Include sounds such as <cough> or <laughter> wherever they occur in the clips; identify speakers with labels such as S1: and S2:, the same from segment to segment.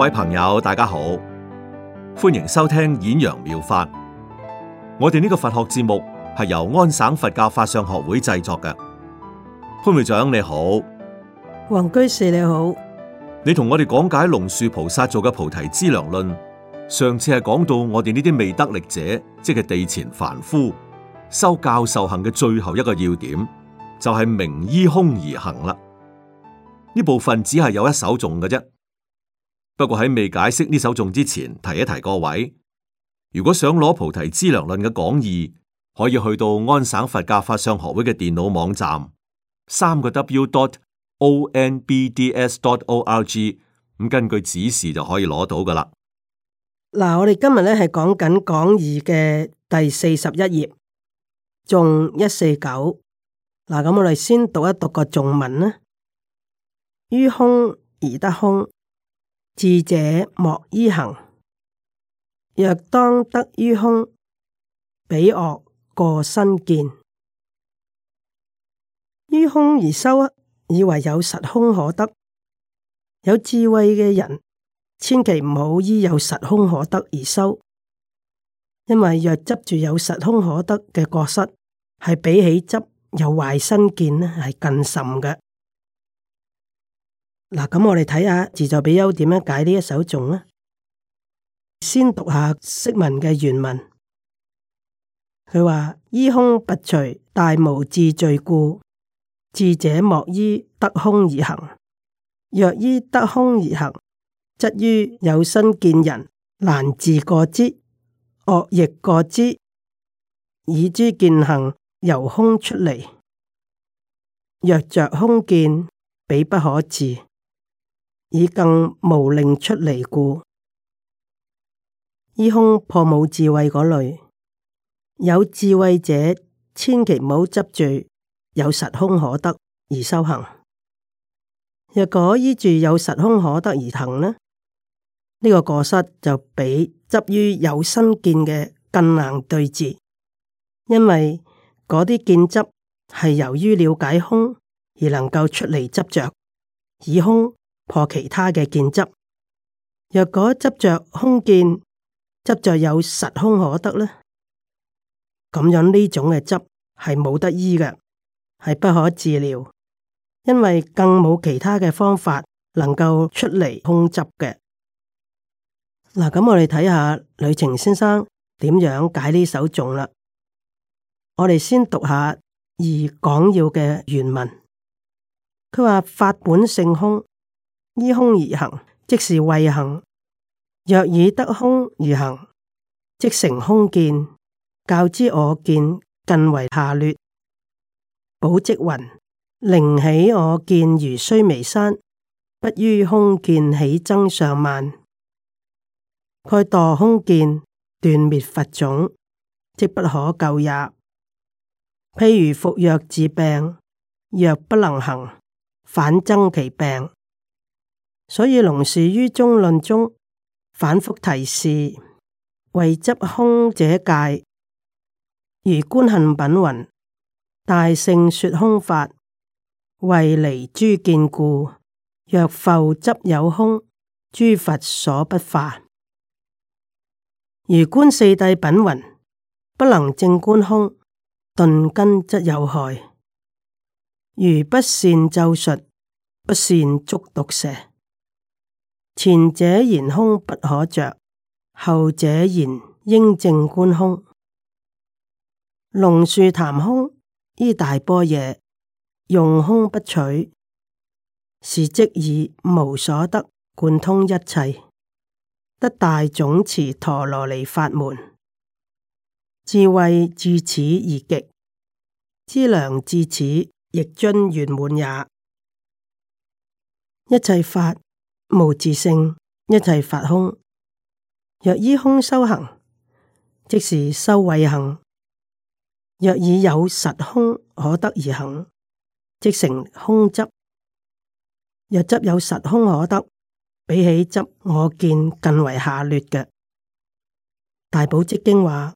S1: 各位朋友，大家好，歡迎收聽演揚妙，妙法。我哋呢個佛學節目係由安省佛教法相學會製作嘅。潘會長你好，
S2: 黃居士你好，
S1: 你同我哋講解龍樹菩薩做嘅《菩提資糧論》，上次係講到我哋呢啲未得力者，即係地前凡夫，修教受行嘅最後一個要點就係、是、明依空而行啦。呢部分只係有一首頌嘅啫。不過喺未解釋呢首頌之前，提一提各位，如果想攞菩提資糧論嘅講義，可以去到安省佛教法相學會嘅電腦網站，三個 w.dot.o.n.b.d.s.dot.o.r.g，咁根據指示就可以攞到噶啦。
S2: 嗱，我哋今日咧係講緊講義嘅第四十一頁，頌一四九。嗱，咁我哋先讀一讀個頌文啦。於空而得空。智者莫依行，若當得於空，彼惡過身見。於空而修，以為有實空可得。有智慧嘅人，千祈唔好依有實空可得而修，因為若執住有實空可得嘅過失，係比起執有壞身見呢，係更甚嘅。嗱，咁我哋睇下自在比丘點樣解呢一首頌啦。先讀下釋文嘅原文。佢話依空不除，大無智罪故。智者莫依得空而行。若依得空而行，則於有身見人難自過之，惡亦過之。以諸見行由空出嚟，若着空見，彼不可治。以更無令出離故，依空破冇智慧嗰類，有智慧者千祈唔好執住有實空可得而修行。若果依住有實空可得而行呢，呢、呢個過失就比執於有新見嘅更難對治，因為嗰啲見執係由於了解空而能夠出嚟執着，以空。破其他嘅見執，若果執着空見，執着有實空可得呢，咁樣呢種嘅執係冇得醫嘅，係不可治療，因為更冇其他嘅方法能夠出嚟，空執嘅。嗱，咁我哋睇下呂澄先生點樣解呢首頌啦。我哋先讀下二講要嘅原文，佢話，法本性空。依空而行，即是畏行；若以得空而行，即成空見，較之我見，更為下劣。寶積云：寧起我見如須彌山，不於空見起增上慢，蓋墮空見斷滅佛種，即不可救也。譬如服藥治病，藥不能行，反增其病。所以龍樹於中論中反覆提示，為執空者戒；如觀行品云：大聖說空法，為離諸見故。若復執有空，諸佛所不化。如觀四諦品云：不能正觀空，頓根則有害。如不善咒術，不善捉毒蛇。前者言空不可着，後者言應正觀空。龍樹談空，依大般若，用空不取，是即以無所得，貫通一切，得大總持陀羅尼法門，智慧至此而極，知量至此亦臻圓滿也。一切法。無自性，一切法空。若依空修行，即是修慧行；若以有實空可得而行，即成空執。若執有實空可得，比起執我見更為下劣嘅。大寶積經話：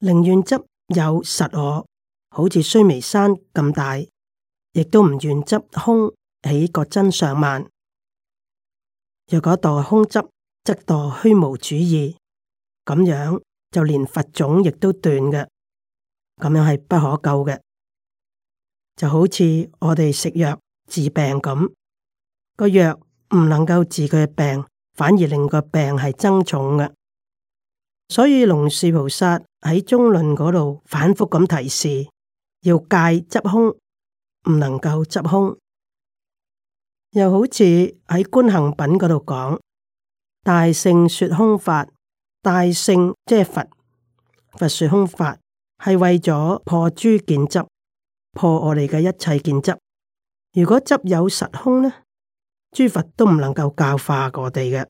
S2: 寧願執有實我，好似須彌山咁大，亦都唔願執空起個增上慢。若果墮空，則墮虛無主義，咁樣就連佛種亦都斷嘅，咁樣係不可救嘅。就好似我哋食藥治病咁，個藥唔能夠治佢嘅病，反而令個病係增重嘅。所以龍樹菩薩喺中論嗰度反復咁提示，要戒執空，唔能夠執空。又好似喺觀行品嗰度講，大聖說空法。大聖即係佛，佛說空法係為咗破諸見執，破我哋嘅一切見執。如果執有實空呢，諸佛都唔能夠教化我哋嘅。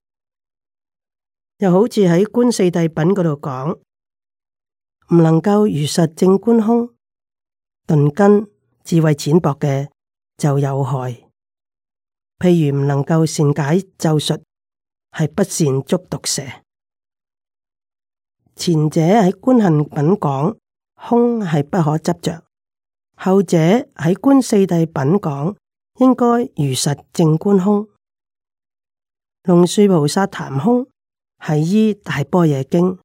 S2: 又好似喺觀四諦品嗰度講，唔能夠如實正觀空，鈍根智慧淺薄嘅就有害。譬如唔能夠善解咒術，係不善捉毒蛇。前者喺觀行品講空係不可執着，後者喺觀四諦品講應該如實正觀空。龍樹菩薩談空係依大般若經，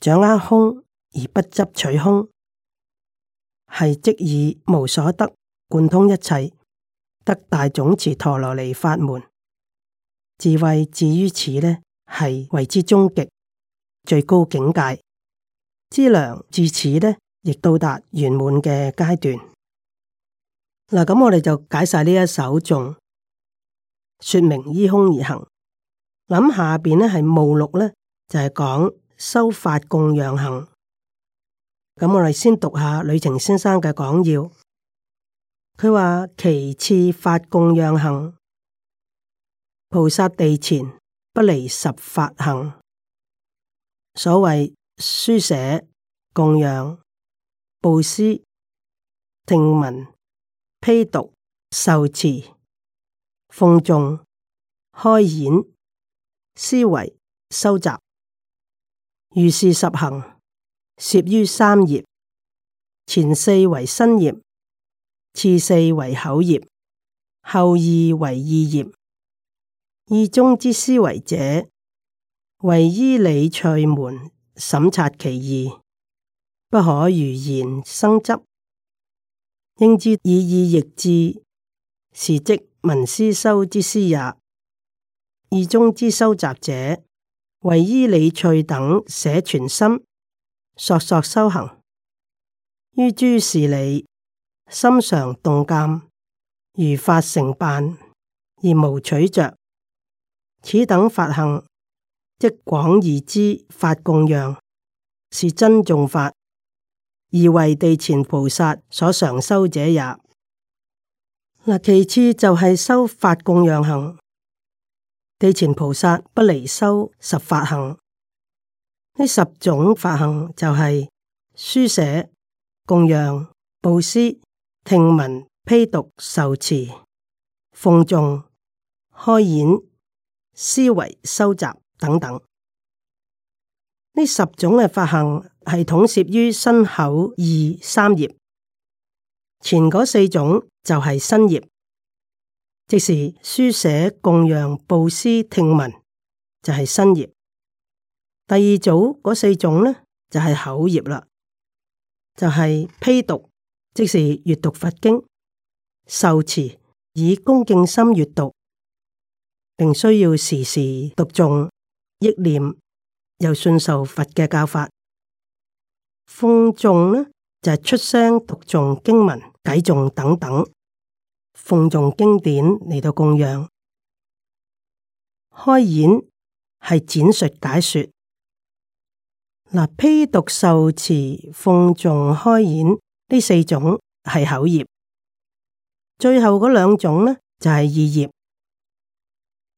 S2: 掌握空而不執取空，係即以無所得貫通一切。德大總持陀羅尼法門，智慧至於此呢，係為之終極最高境界，知良至此呢，亦到達圓滿嘅階段。嗱，咁我哋就解晒呢一首頌，說明依空而行。咁下邊呢係慕六呢，就係、是、講修法供養行。咁我哋先讀下呂澂先生嘅講要。佢話，其次法供養行，菩薩地前不離十法行，所謂書寫供養、布施、聽聞、披讀、受持、諷誦、開演、思維、修習，如是十行攝於三業，前四為身業。次四為口業，後二為意業。意中之思為者，為依理趣門，審察其義，不可如言生執。應之以意逆志，是即文思修之思也。意中之收集者，為依理趣等，寫全心，索索修行，於諸事理。心常動鑒如法成辦而無取着，此等法行即廣義之法供養，是真重法而為地前菩薩所常修者也。嗱，其次就係修法供養行，地前菩薩不離修十法行，呢十種法行就係書寫、供養、布施。聽聞、披讀、受持、諷誦、開演、思維、修習等等，呢十種嘅法行係統攝於身口意三業。前嗰四種就係身業，即是書寫、供養、布施、聽聞，就係、是、身業。第二組嗰四種呢，就係、是、口業啦，就係披讀。即是閱讀佛經、受持，以恭敬心閱讀，並需要時時讀誦憶念，又信受佛嘅教法。奉誦呢就係、是、出聲讀誦經文、偈誦等等，奉誦經典嚟到供養。開演係展述解說，嗱，披讀受持，奉誦開演。呢四種係口業，最後嗰兩種呢，就係、是、意業，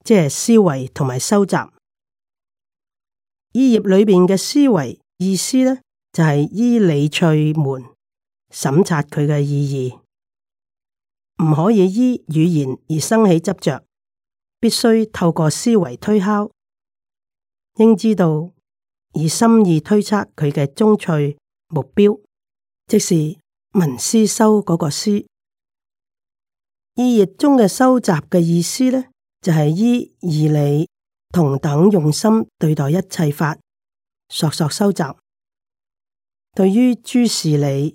S2: 即係思維同埋收集。意業裏邊嘅思維意思呢，就係、是、依理趣門審察佢嘅意義，唔可以依語言而生起執着，必須透過思維推敲，應知道以心意推測佢嘅宗趣目標。即是聞思修嗰個思，意譯中嘅修習嘅意思咧，就係、是、依義理同等用心對待一切法，索索修習，對於諸事理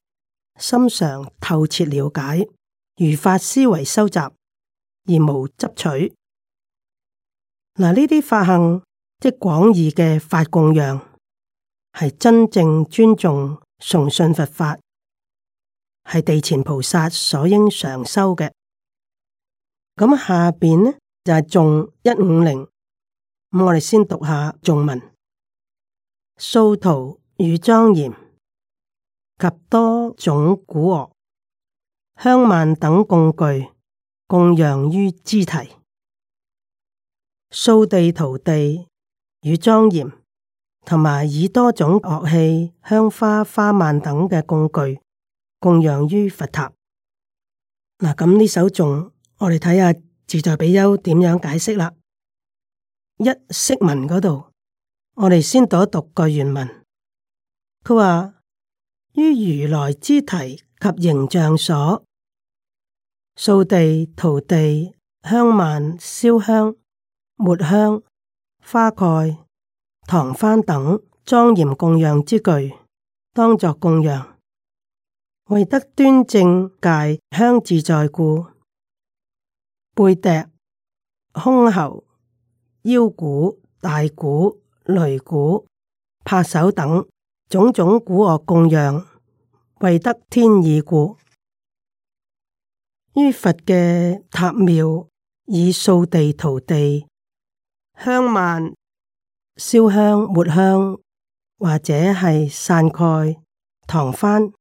S2: 心常透徹了解，如法思維修習，而無執取。嗱，呢啲法行，即廣義嘅法供養，係真正尊重崇信佛法。係地前菩薩所應常修嘅。咁、嗯、下邊呢就係頌一五零。咁我哋先讀下頌文。掃塗與莊嚴及多種古樂、香鬘等共具，供養於支提。掃地、塗地與莊嚴，同埋以多種樂器、香花、花鬘等嘅工具。供養於佛塔，嗱咁，呢首頌，我哋睇下自在比丘點樣解釋啦。一釋文嗰度，我哋先讀一讀個原文。佢話於如來之提及形象所掃地、塗地、香漫、燒香、抹香、花蓋、唐幡等莊嚴供養之具，當作供養。為得端正戒香自在故，背笛、箜篌、腰鼓、大鼓、雷鼓、拍手等種種鼓樂供養，為得天耳故。於佛嘅塔廟以掃地、塗地、香鬘、燒香、抹香，或者係散蓋、幢幡。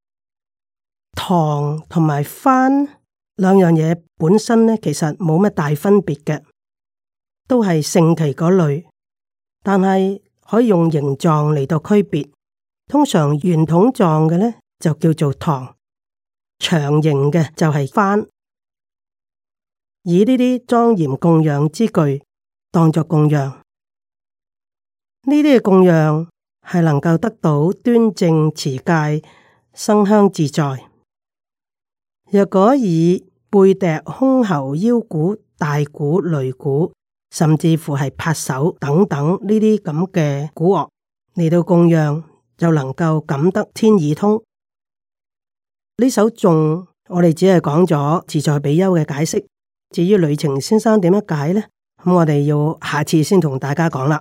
S2: 幢同埋幡兩樣嘢本身咧，其實冇乜大分別嘅，都係旌旗嗰類。但係可以用形狀嚟到區別，通常圓筒狀嘅咧，就叫做幢，長形嘅就係幡。以呢啲莊嚴供養之具當作供養，呢啲嘅供養係能夠得到端正持戒、生香自在。若果以背脊、胸後、腰鼓、大鼓、雷鼓，甚至乎係拍手等等呢啲咁嘅鼓樂嚟到供養，就能夠感得天耳通。呢首頌我哋只係講咗自在比丘嘅解釋，至於呂澂先生點樣解呢？咁我哋要下次先同大家講啦。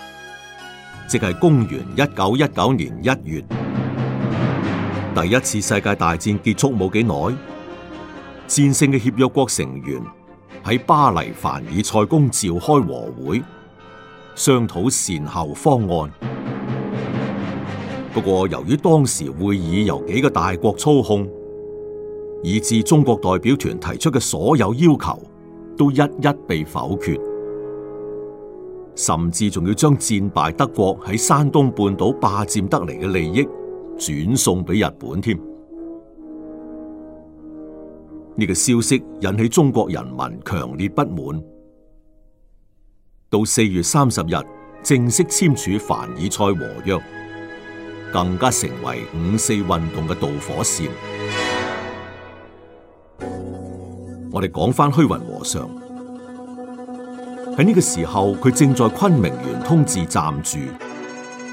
S1: 即係公元一九一九年一月，第一次世界大戰結束冇幾耐，戰勝嘅協約國成員喺巴黎凡爾賽宮召開和會，商討善後方案。不過，由於當時會議由幾個大國操控，以致中國代表團提出嘅所有要求都一一被否決。甚至仲要將戰敗德國喺山東半島霸佔得嚟嘅利益轉送俾日本添，呢個消息引起中國人民強烈不滿。到四月三十日正式簽署凡爾賽和約，更加成為五四運動嘅導火線。我哋講翻虛雲和尚。喺呢個時候，佢正在昆明圓通寺暫住，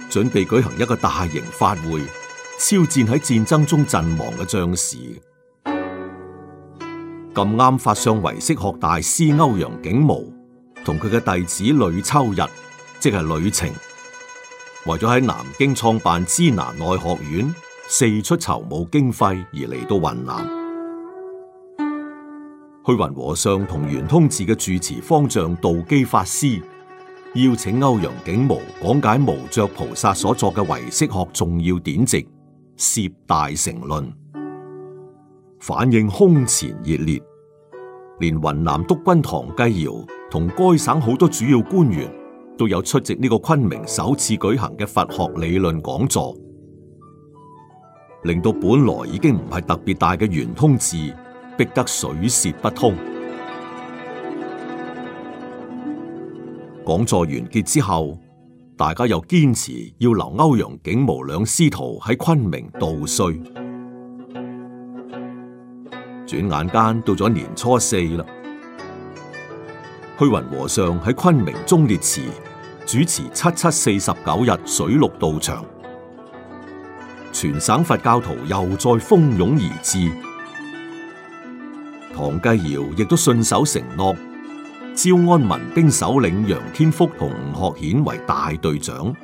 S1: 準備舉行一個大型法會，超薦喺戰爭中陣亡嘅將士。咁啱，法相唯識學大師歐陽景模同佢嘅弟子呂秋日，即係呂澄，為咗喺南京創辦支那內學院，四出籌募經費而嚟到雲南。虛雲和尚同圓通寺嘅住持方丈道基法師邀請歐陽竟無講解無著菩薩所作嘅唯識學重要典籍《攝大乘論》，反應空前熱烈，連雲南督軍唐繼堯同該省好多主要官員都有出席呢個昆明首次舉行嘅佛學理論講座，令到本來已經唔係特別大嘅圓通寺，逼得水泄不通。講座完結之後，大家又堅持要留歐陽竟無兩師徒喺昆明度歲。轉眼間到咗年初四啦，虛雲和尚喺昆明中烈祠主持七七四十九日水陸道場，全省佛教徒又再蜂擁而至。唐繼堯亦都信守承諾，招安民兵首領楊天福同吳學顯為大隊長，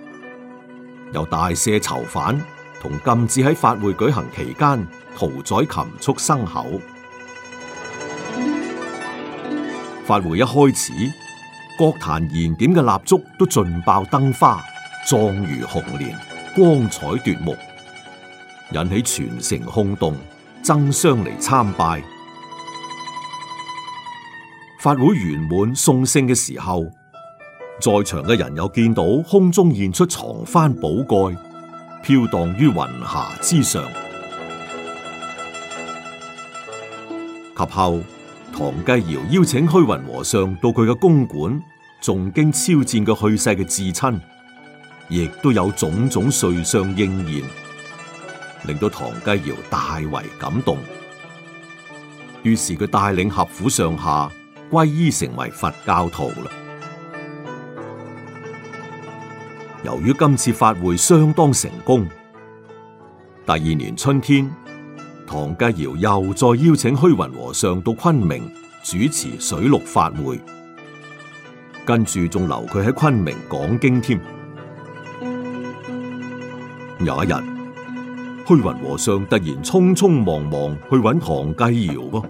S1: 又大赦囚犯，同禁止喺法會舉行期間屠宰禽畜牲口。法會一開始，各壇燃點嘅蠟燭都盡爆燈花，狀如紅蓮，光彩奪目，引起全城轟動，爭相嚟參拜。法會圓滿送聖嘅時候，在場嘅人又見到空中現出幢幡寶蓋，飄蕩於雲霞之上。及後，唐繼堯邀請虛雲和尚到佢嘅公館，誦經超薦嘅去世嘅至親，亦都有種種瑞相應現，令到唐繼堯大為感動。於是佢帶領合府上下。皈依成為佛教徒啦。由於今次法會相當成功，第二年春天，唐繼堯又再邀請虛雲和尚到昆明主持水陸法會，跟住仲留佢喺昆明講經添。有一日，虛雲和尚突然匆匆忙忙去揾唐繼堯噃。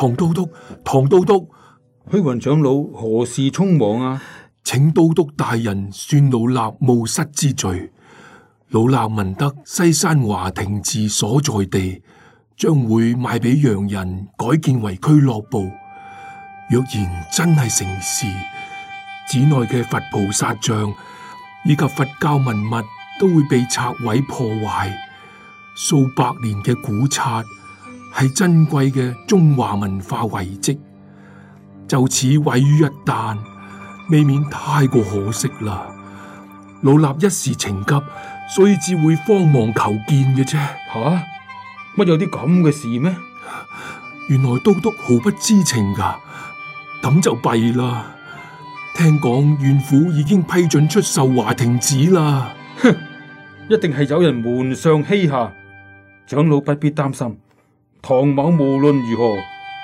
S1: 唐都督，唐都督！虛雲長老
S3: 何事匆忙啊？請都督大人恕老衲冒失之罪。老衲聞得西山華亭寺所在地將會賣俾洋人，改建為俱樂部。若然真係成事，寺內嘅佛菩薩像以及佛教文物都會被拆毀破壞，數百年嘅古剎。係珍貴嘅中華文化遺迹，就此毀於一旦，未免太過可惜啦！老衲一時情急，所以至會慌忙求見嘅啫。吓、啊，乜有啲咁嘅事咩？原來都督毫不知情噶，咁就弊啦。
S4: 聽講縣府已經批准出售華亭寺啦。哼， <laughs> 一定係有人門上欺下，長老不必擔心。唐某無論如何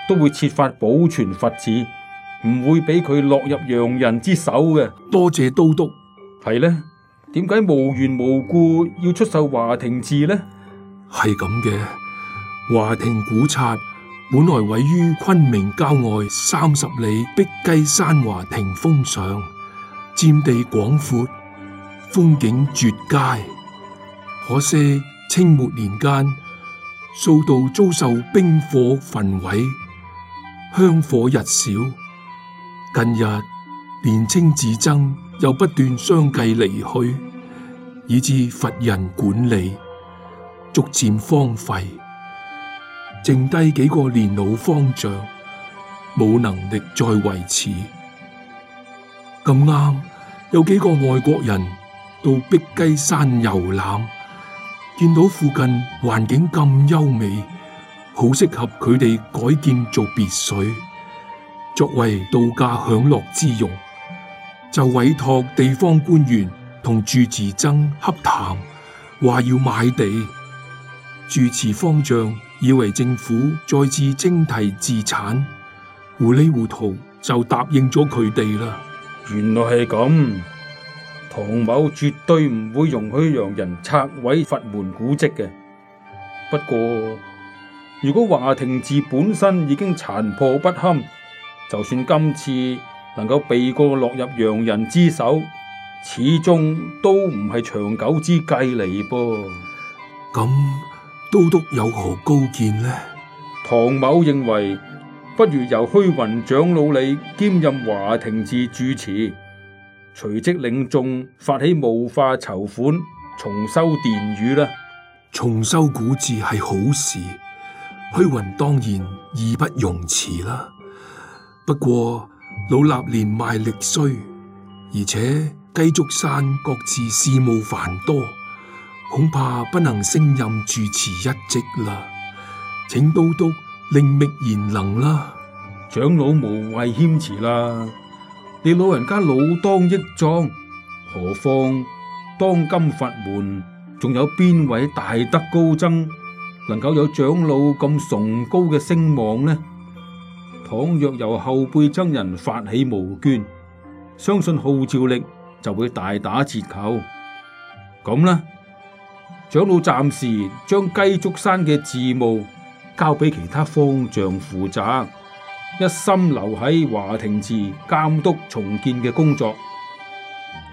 S4: 都會設法保存佛寺，唔會俾佢落入洋人之手嘅。多謝都督，係呢？點解無緣無故要出售華亭寺呢？係咁嘅，華亭
S3: 古剎本來位於昆明郊外三十里碧雞山華亭峰上，佔地廣闊，風景絕佳。可惜清末年間，數度遭受兵火焚毀，香火日少。近日年青之僧又不斷相繼離去，以致乏人管理，逐漸荒廢，剩低幾個年老方丈，冇能力再維持。咁啱有幾個外國人到碧雞山遊覽。見到附近環境咁優美，好適合佢哋改建做別墅，作為度假享樂之用，就委託地方官員同住持僧洽談，話要買地。住持方丈以為政府再次徵提自產，糊裏糊塗就答應咗佢
S4: 哋啦。原來係咁。唐某絕對唔會容許洋人拆毀佛門古跡嘅。不過，如果華亭寺本身已經殘破不堪，就算今次能夠避過落入洋人之手，始終都唔係長久之計嚟噃。咁都督有何高見呢？唐某認為，不如由虛雲長老你兼任華亭寺住持。隨即領眾發起募化籌款，重修殿宇啦。重修古寺係好事，
S3: 虛雲當然義不容辭啦。不過老衲年邁力衰，而且雞足山各自事務繁多，恐怕不能升任住持一職啦。請
S4: 都督另覓賢能啦。長老無謂謙辭啦。你老人家老當益壯，何況當今法門仲有邊位大德高僧能夠有長老咁崇高嘅聲望呢？倘若由後輩僧人發起募捐，相信號召力就會大打折扣。咁呢，長老暫時將雞足山嘅事務交俾其他方丈負責。一心留喺華亭寺監督重建嘅工作，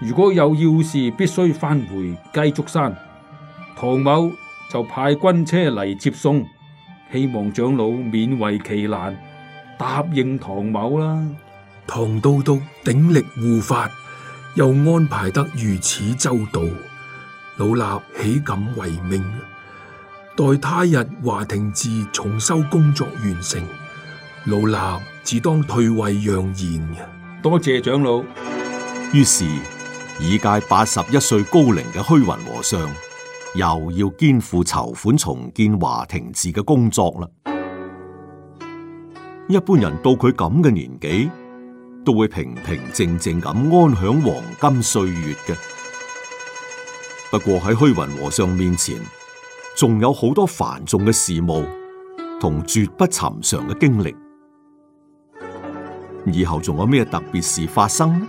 S4: 如果有要事必須返回雞足山，唐某就派軍車嚟接送，希望長老勉為其難答應唐某啦。唐都督鼎力護法，又安排得如此周到，
S3: 老衲豈敢違命？待他日華亭寺重
S1: 修工作完成。老衲自當退位讓賢啊，多謝長老。於是，已屆八十一歲高齡嘅虛雲和尚，又要肩負籌款重建華亭寺嘅工作啦。一般人到佢咁嘅年紀，都會平平靜靜咁安享黃金歲月嘅。不過喺虛雲和尚面前，仲有好多繁重嘅事務同絕不尋常嘅經歷。以後仲有咩特別事發生，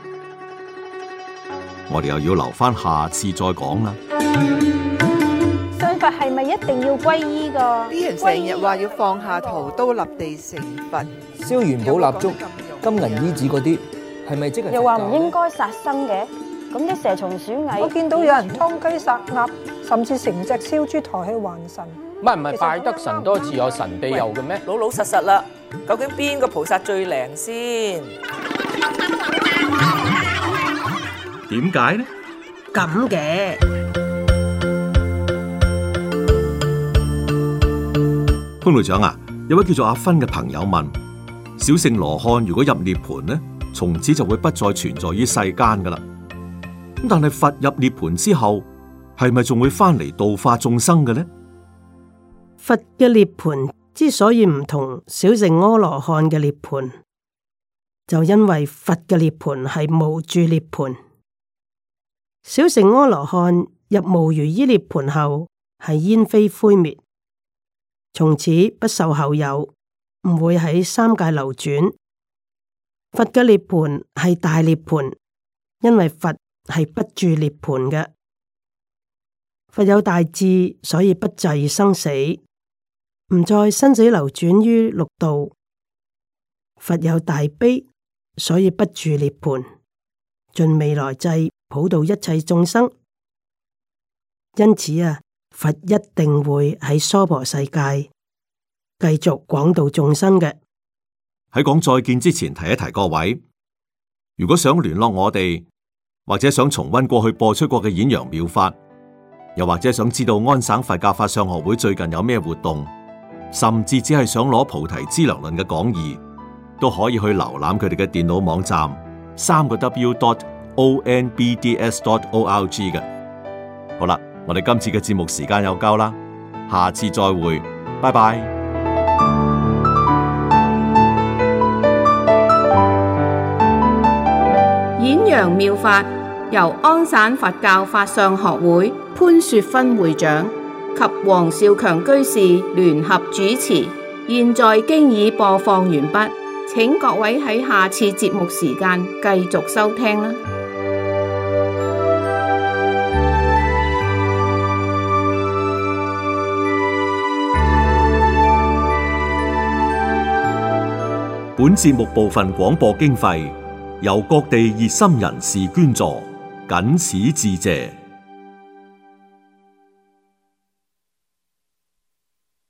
S1: 我哋又要留翻下，下次再講啦。
S2: 信佛係咪一定要皈依㗎？啲人成日話要放下屠刀立地成
S3: 佛，嗯、燒元寶蠟燭、金銀衣紙嗰啲，
S1: 係咪、嗯、即係？又話唔應
S2: 該殺生嘅，咁啲蛇蟲鼠蟻，我見到有人劏雞殺鴨，甚至成隻燒豬抬去還神，
S1: 唔係唔係拜得神多自有神庇佑嘅咩？老老實實啦。究竟邊個菩薩最靈先？點解呢？
S2: 咁嘅，
S1: 潘隊長啊，有位叫做阿芬嘅朋友問：小聖羅漢如果入涅盤呢，從此就會不再存在於世間噶啦。咁但係佛入涅盤之後，係咪仲會翻嚟度化眾生嘅呢？佛嘅
S2: 涅盤。之所以唔同小乘阿羅漢嘅涅盤，就因為佛嘅涅盤係無住涅盤。小乘阿羅漢入無餘依涅盤後，係煙飛灰滅，從此不受後有，唔會喺三界流轉。佛嘅涅盤係大涅盤，因為佛係不住涅盤嘅，佛有大智，所以不滯生死。唔再生死流轉於六道，佛有大悲，所以不住涅槃，盡未來際普渡一切眾生。因此啊，佛一定會喺娑婆世界繼續廣度眾生嘅。
S1: 喺講再見之前，提一提各位，如果想聯絡我哋，或者想重溫過去播出過嘅顯揚妙法，又或者想知道安省佛教法相學會最近有咩活動，甚至只係想攞菩提資糧論嘅講義，都可以去瀏覽佢哋嘅電腦網站，三個 w.dot.onbds.dot.org 嘅。好啦，我哋今次嘅節目時間又夠啦。下次再會，拜拜。
S2: 演揚妙法由安省佛教法相學會潘雪芬會長及黃少強居士聯合主持，現在經已播放完畢，請各位喺下次節目時間繼續收聽啦。
S1: 本節目部分廣播經費由各地熱心人士捐助，僅此致謝。